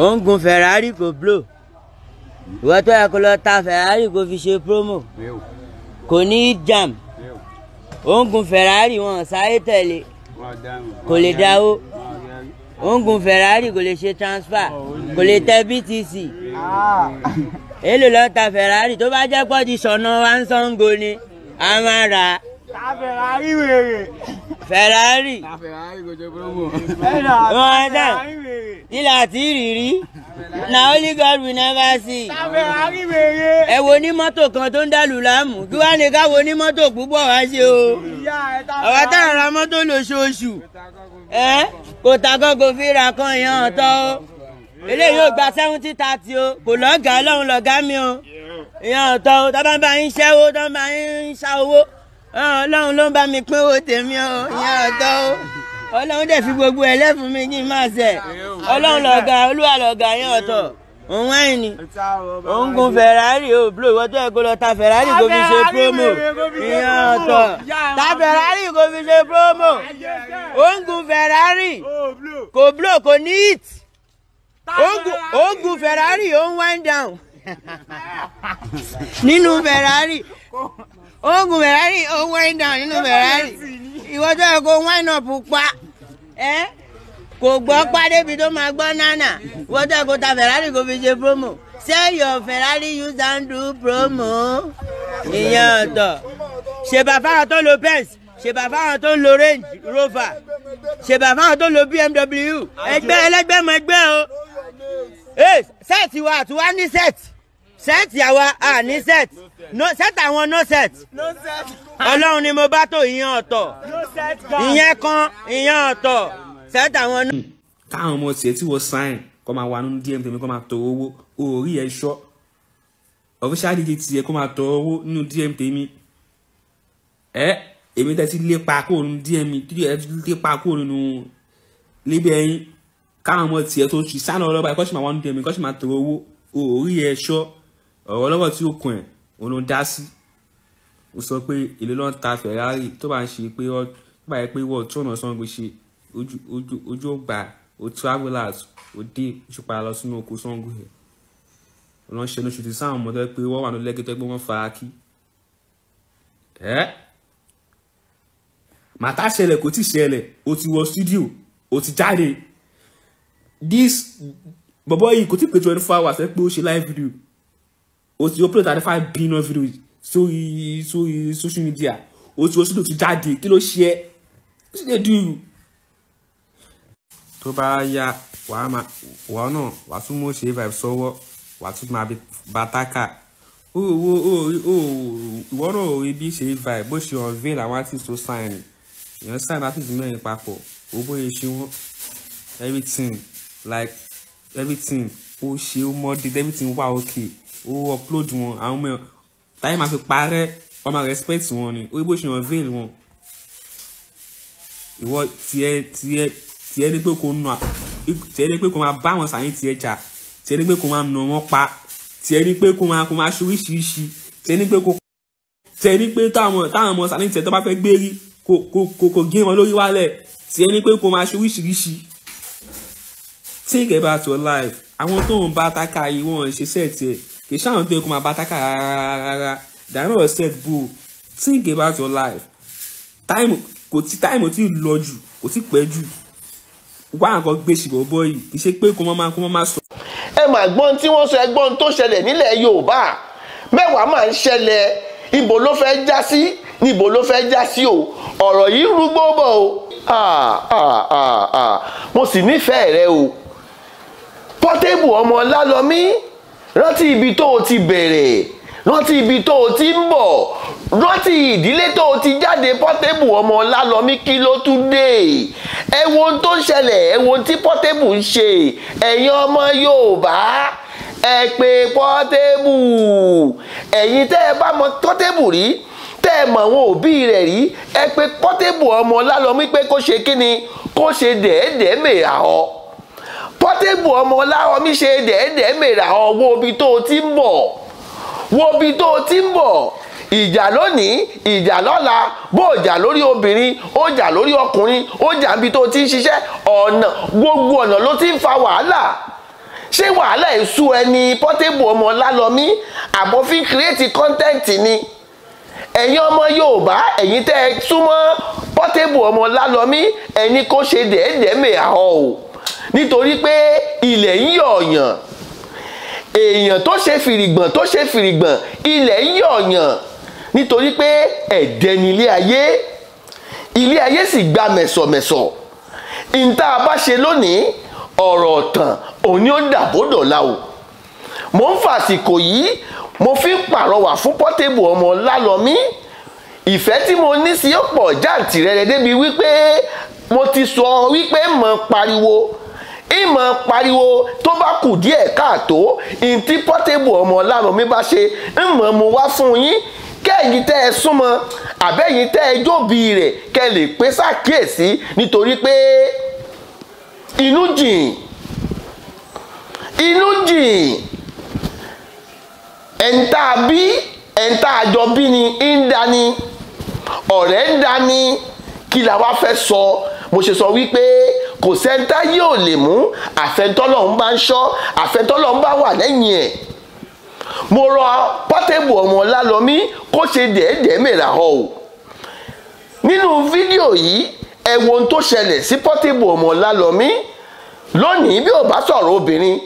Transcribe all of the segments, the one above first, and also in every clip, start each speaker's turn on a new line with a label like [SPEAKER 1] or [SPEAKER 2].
[SPEAKER 1] ó ń gun ferrari kò blow ìwọ tó yẹ kó lọ ta ferrari kò fi ṣe promo kò ní jam ó ń gun ferrari wọn sáré tẹ̀lé kò lè dáwó ó ń gun ferrari kò lè ṣe transfer kò lè tẹ btc èlò lọ ta ferrari tó bá jẹ́ pọ́ ti sọ̀nà wa ń sango ni a máa rà ta ferrari wèrè. Ferrari. Na Ferrari kò ṣe promo. Wọ́n dán. Ilà tí ìrírí. Na only God will never see. Ferrari wèrè. Ẹ wo ní mọ́tò kan tó ń dàlù láàmú. Kí wàá lè ká wo ní mọ́tò púpọ̀ wá ṣe o. Àwa tá a ra mọ́tò lóṣooṣù. Ẹ kò ta kán kò fi ra kan yẹn ọ̀tọ̀ o. Eléyìí ò gba seventy thirty o. Kò lọ́gàá lọ́hùn lọ́gàá mi o. Ìyẹn ọ̀tọ̀ o. Tọ́ bá ń bá yín ṣẹ́wó, tọ́ bá yín ṣá owó ọlọ́run ló ń bá mi pín owó tèmi o ìyẹn ọ̀tọ̀ o ọlọ́run dẹ̀ fi gbogbo ẹ̀ lẹ́fun mi kí n máa ṣẹ̀ ọlọ́run lọ̀gá olúwa lọ̀gá yẹn ọ̀tọ̀ òun àìní òun gun Ferrari o blo ìwọ tó yẹ kó lọ ta Ferrari kó fi ṣe promo ìyẹn ọ̀tọ̀ ta Ferrari kó fi ṣe promo òun gun Ferrari kò blo kò ní hit òun gun Ferrari òun wind down nínú Ferrari oògùn Ferrari ó wẹ́rì down nínú Ferrari ìwọ tó yẹ kó wine up pa ẹ́ kò gbọ́ pàdé bi tó máa gbọ́ nánà ìwọ tó yẹ kó ta Ferrari kó fi ṣe promo sell your Ferrari use and do promo ìyẹn ọ̀tọ̀ ṣèbà fáwọn tó lo Benz ṣèbà fáwọn tó lo Range Rover ṣèbà fáwọn tó lo BMW ẹgbẹ́ ẹlẹ́gbẹ́ mọ ẹgbẹ́ o ṣẹ́ẹ̀tì wa àti wa ní ṣẹ́ẹ̀tì set yàwa ah ní set no
[SPEAKER 2] set àwọn no set
[SPEAKER 1] ọlọ́run ni mo bá
[SPEAKER 2] tó ìyẹn ọ̀tọ̀ ìyẹn kan ìyẹn ọ̀tọ̀ set àwọn no. káwọn ọmọ tiẹ̀ tí wọ́n sáìn kọ́ máa wà nínú dm tèmi kọ́ máa tọ owó orí ẹ̀ ṣọ́ official dj tiẹ̀ kọ́ máa tọ owó nínú dm tèmi ẹ èmi tẹ́ ti lépa kúrò nínú dm mi tí ẹ ti lépa kúrò nínú níbi ẹyin káwọn ọmọ tiẹ̀ tó ṣì sáà lọ́wọ́ lọ́ba ẹ̀ kọ́ máa wà nínú dm mi kọ́ máa tọ owó orí ẹ̀ ọ̀rọ̀ ọlọ́rọ̀ tí ó kun ẹ̀ òun ló dá sí ó sọ pé èlé ló ń ta Ferrari tó bá ń ṣe pé ó bá yẹ pé wọ́n tún ọ̀nà sango ṣe ojú ògbà ó travel out ó dé oṣù padà lọ sínú oko sango ẹ̀ ránṣẹ́ lóṣù tí sáwọn ọmọdé pé wọ́n wà ní lẹ́gẹ́tẹ́ pé wọ́n fara kí ẹ́ màtá ṣẹlẹ̀ kò tí ṣẹlẹ̀ ó ti wọ studio ó ti jáde this bọ̀bọ̀ yìí kò tí pé twenty four hours ẹ pé ó ṣe live video o ti upload thirty five billion video sórí sórí social media o ti o sì lò ti jáde kí ló ṣe ẹ́ ó sì lè dùn ún. tó bá yá wàá máa wàá náà wàá tún mọ̀ ṣe vibe sọ́wọ́ wàá tún máa bá tákà ó ó ó ó ìwọ náà ò rí bí ṣe vibe bó ṣe unveil àwọn artist tó sign èèyàn sign artist mẹ́rin papọ̀ ó bóyá ṣe wọ́n everything like everything ó ṣe ó mọ́ dé everything wà ókè. Okay ó upload wọn àwọn ọmọ táyé máa fi parẹ́ wọ́n respect wọn ni ó ṣe wọn veil wọn ìwọ tiẹ̀ tiẹ̀ tiẹ̀ ní pé kò nà tiẹ̀ ní pé kò máa bá wọn sàyìn tiẹ̀ jà tiẹ̀ ní pé kò máa nà wọ́n pa tiẹ̀ ní pé kò máa kò máa ṣoríṣiríṣi tiẹ̀ ní pé kò tiẹ̀ ní pé táwọn táwọn ọmọ sàyìn tiẹ̀ tó bá fẹ́ gbé rí kò kò kò gé wọn lórí wálẹ̀ tiẹ̀ ní pé kò máa ṣoríṣiríṣi think about your life àwọn tó ń bá tákà yìí wọ́n ṣe sẹ́ẹ̀ tiẹ̀ kì í ṣàwọn tó yẹ kó máa bá tákà rárá dànù respect bro think about your life time kò tí time ò tí ì lọ jù kò tí ì pẹ́ jù wá nǹkan gbé ṣìbọ̀ bọ́ yìí kì í ṣe pé kó máa kó máa sọ.
[SPEAKER 3] ẹ mà gbọ́n tí wọ́n sọ ẹgbọ́n tó ṣẹlẹ̀ nílẹ̀ Yorùbá mẹ́wàá máa ń ṣẹlẹ̀ ibo ló fẹ́ já sí níbo ló fẹ́ já sí o ọ̀rọ̀ yìí rúgbó bọ̀ o ah ah ah ah mo sì nífẹ̀ẹ́ rẹ o Portable ọmọ Ọlálọmí rántí ibi tó o ti bẹ̀rẹ̀ rántí ibi tó o ti ń bọ̀ rántí ìdílé tó o ti jáde pọ́tébù ọmọ lálọ́mí kí ló tún dé ẹ wo ohun tó ń ṣẹlẹ̀ ẹ wo ohun tí pọ́tébù ń ṣe ẹ̀yin ọmọ Yorùbá ẹ pé pọ́tébù ẹ̀yin tẹ́ ẹ bá mọ pọ́tébù rí tẹ́ ẹ mọ̀ àwọn òbí rẹ̀ rí ẹ pé pọ́tébù ọmọ lálọ́mí pé kó ṣe kí kó ṣe dẹ̀ẹ́dẹ̀ẹ́ mèrà ọ́. Portable ọmọ Ọláọmí ṣe dẹ́ẹ̀dẹ́ mèrà ọwọ́ ibi tó o ti ń bọ̀ wo ibi tó o ti ń bọ̀ ìjà lónìí ìjà lọ́la bó o jà lórí obìnrin ó jà lórí ọkùnrin ó jà níbi tó o ti ń ṣiṣẹ́ ọ̀nà gbogbo ọ̀nà ló ti ń fa wàhálà ṣé wàhálà èso ẹni Portable ọmọ Ọláọmí àbọ̀ fi kírètì kọ́ńtẹ́ǹtì ni ẹ̀yin ọmọ Yorùbá ẹ̀yin tẹ́ ẹ súnmọ́ Portable ọmọ Ọláọmí ẹni kó ṣe dẹ́ẹ̀dẹ́ mèrà ọ̀ o nítorí pé ilẹ̀ ń yọ̀ọ̀yàn èèyàn tó ṣe fìrìgbọ̀n tó ṣe fìrìgbọ̀n ilẹ̀ ń yọ̀ọ̀yàn nítorí pé ẹ̀dẹ́ ni ilé ayé ilé ayé sì gba mẹ̀sọ̀mẹ̀sọ̀ ìta bá ṣe lónìí ọ̀rọ̀ ọ̀tàn òní ó dàbódò láwò mo ń fàsìkò yìí mo fi ń pàrọwà fún pọ́tébù ọmọ lálọ́mí ìfẹ́ tí mo ní sí ọ̀pọ̀ jàǹtìrẹrẹ débi wípé mo ti sọ wípé mo pariwo ìmọ̀ pariwo tó bá kù díẹ̀ káàtó ìntí pọ́tébù ọmọ ọlárun mi bá ṣe ìmọ̀ mo wá fún yín kẹ́yìn tẹ́ ẹ súnmọ́ àbẹ́yìn tẹ́ ẹ jóbi rẹ̀ kẹ́ lè pé ṣàkíyèsí nítorí pé inú jìn inú jìn ẹ̀ńtà bí ẹ̀ńtà àjọ bí ni ń dani ọ̀rẹ́ ń dani kí la wá fẹ́ sọ mo ṣe sọ wípé. So kò sẹ́ńtá yóò lè mú àfẹ́ntọ́lọ́ ń bá ń ṣọ́ àfẹ́ntọ́lọ́ ń bá wà lẹ́yìn ẹ̀ mo rọ Portable ọmọ lálọ́mí kó ṣe dẹ̀ẹ́dẹ̀ẹ́ mẹ́ra họ o nínú fídíò yìí ẹ wo ohun tó ṣẹlẹ̀ sí Portable ọmọ lálọ́mí lónìí bí ò bá sọ̀rọ̀ obìnrin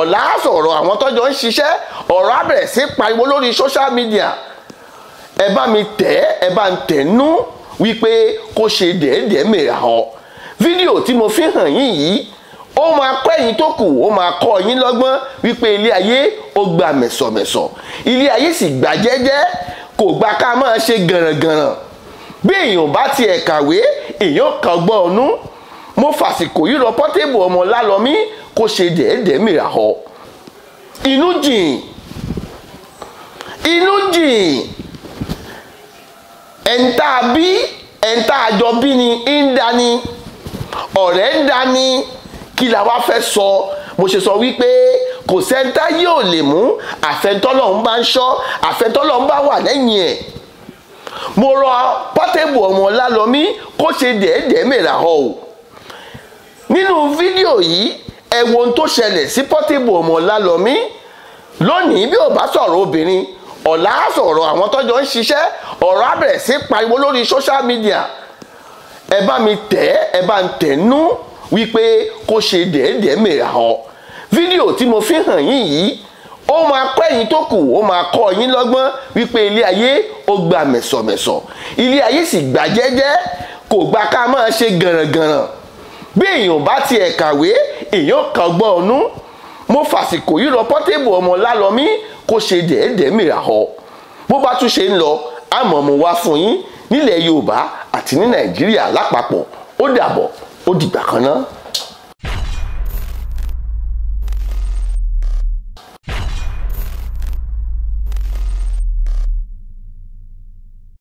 [SPEAKER 3] ọ̀la á sọ̀rọ̀ àwọn tọ́jọ́ ń ṣiṣẹ́ ọ̀rọ̀ á bẹ̀rẹ̀ sí pariwo lórí social media ẹ bá mi tẹ̀ ẹ bá ń tẹ̀ nú wípé kó ṣe dẹ̀ẹ́dẹ̀ẹ́ mẹ́ra họ fídíò tí mo fi hàn yín yìí ó máa kọ́ ẹ̀yin tó kù ó máa kọ́ yín lọ́gbọ́n wípé ilé ayé ó gba mẹ̀sọ̀mẹ̀sọ̀ ilé ayé sì gbà jẹ́jẹ́ kò gba ká máa ṣe gànràngànràn bí èèyàn bá tiẹ̀ kàwé èèyàn kan gbọ́ ọ̀nú mo fàsìkò yìí lọ Portable ọmọ lálọ́mí kó ṣe dẹ̀ẹ́dẹ̀ẹ́ mìíràn họ inú jìn inú jìn ẹ̀ńtà bí ẹ̀ńtà àjọ bí ni ń dání ọ̀rẹ́ ń dání kí la wá fẹ́ sọ mo ṣe sọ wípé kò sẹ́ńtá yóò lè mú àfẹ́ntọ́lọ̀ ń bá ń ṣọ́ àfẹ́ntọ́lọ̀ ń bá wà lẹ́yìn ẹ̀ mo rọ Portable ọmọ lálọ́mí kó ṣe dẹ̀ẹ́dẹ̀ẹ́ mèrà họ o nínú fídíò yìí ẹ wo ohun tó ṣẹlẹ̀ sí Portable ọmọ lálọ́mí lónìí bí ò bá sọ̀rọ̀ obìnrin ọ̀la á sọ̀rọ̀ àwọn tọ́jọ́ ń ṣiṣẹ́ ọ̀rọ̀ á bẹ̀rẹ̀ sí pariwo lórí social media ẹ bá mi tẹ̀ ẹ bá ń tẹ̀nú wípé kó ṣe dẹ̀ẹ́dẹ̀ẹ́ mìíràn ọ fídíò tí mo fi hàn yín yìí ó máa kọ́ ẹ̀yin tó kù ó máa kọ́ ẹ̀yin lọ́gbọ́n wípé ilé ayé ó gba mẹ̀sọ̀mẹ̀sọ̀ ilé ayé sì gba jẹ́jẹ́ kò gba ká máa ṣe gànràngànràn bí èèyàn bá tiẹ̀ kàwé èèyàn kan gbọ́ ọ̀nú mo fàsìkò yìí lọ pọ́tébù ọmọ lálọ́mí kó ṣe dẹ̀ẹ́dẹ̀ẹ́ mìíràn ọ bó bá tún ṣe ń lọ àmọ́ mo wá fún yín nílẹ̀ yorùbá àti ní nàìjíríà lápapọ̀ ó dàbọ̀ ó dìgbà kan náà.